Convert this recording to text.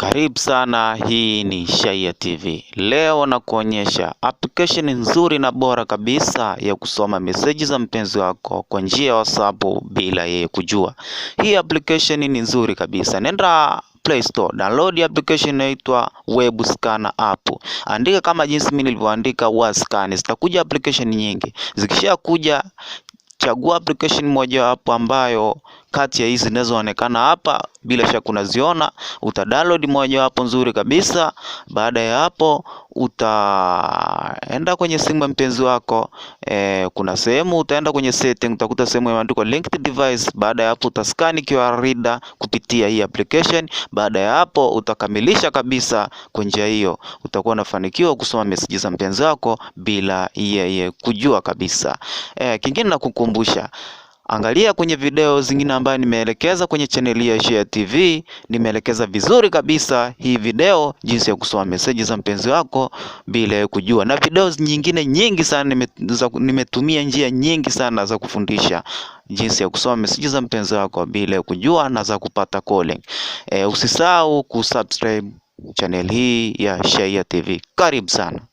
Karibu sana, hii ni Shayia TV. Leo nakuonyesha application nzuri na bora kabisa ya kusoma meseji za mpenzi wako kwa njia ya WhatsApp bila yeye kujua. Hii application ni nzuri kabisa, nenda Play Store, download application inaitwa Web Scanner app. Andika kama jinsi mimi nilivyoandika Scanner. zitakuja application nyingi. Zikishakuja, chagua application moja hapo ambayo kati ya hizi zinazoonekana hapa, bila shaka unaziona. Uta download mojawapo nzuri kabisa. Baada ya hapo, utaenda kwenye simu ya mpenzi wako e, kuna sehemu utaenda kwenye setting, utakuta sehemu imeandikwa linked device. Baada ya hapo, utascan QR reader kupitia hii application. Baada ya hapo, utakamilisha kabisa. Kwa njia hiyo, utakuwa unafanikiwa kusoma message za mpenzi wako bila yeye kujua kabisa. E, kingine na kukumbusha Angalia kwenye video zingine ambayo nimeelekeza kwenye chaneli ya Shayia TV, nimeelekeza vizuri kabisa hii video jinsi ya kusoma meseji za mpenzi wako bila kujua, na video nyingine nyingi sana nimetumia njia nyingi sana za kufundisha jinsi ya kusoma meseji za mpenzi wako bila kujua na za kupata calling. E, usisahau kusubscribe channel hii ya Shayia TV. Karibu sana.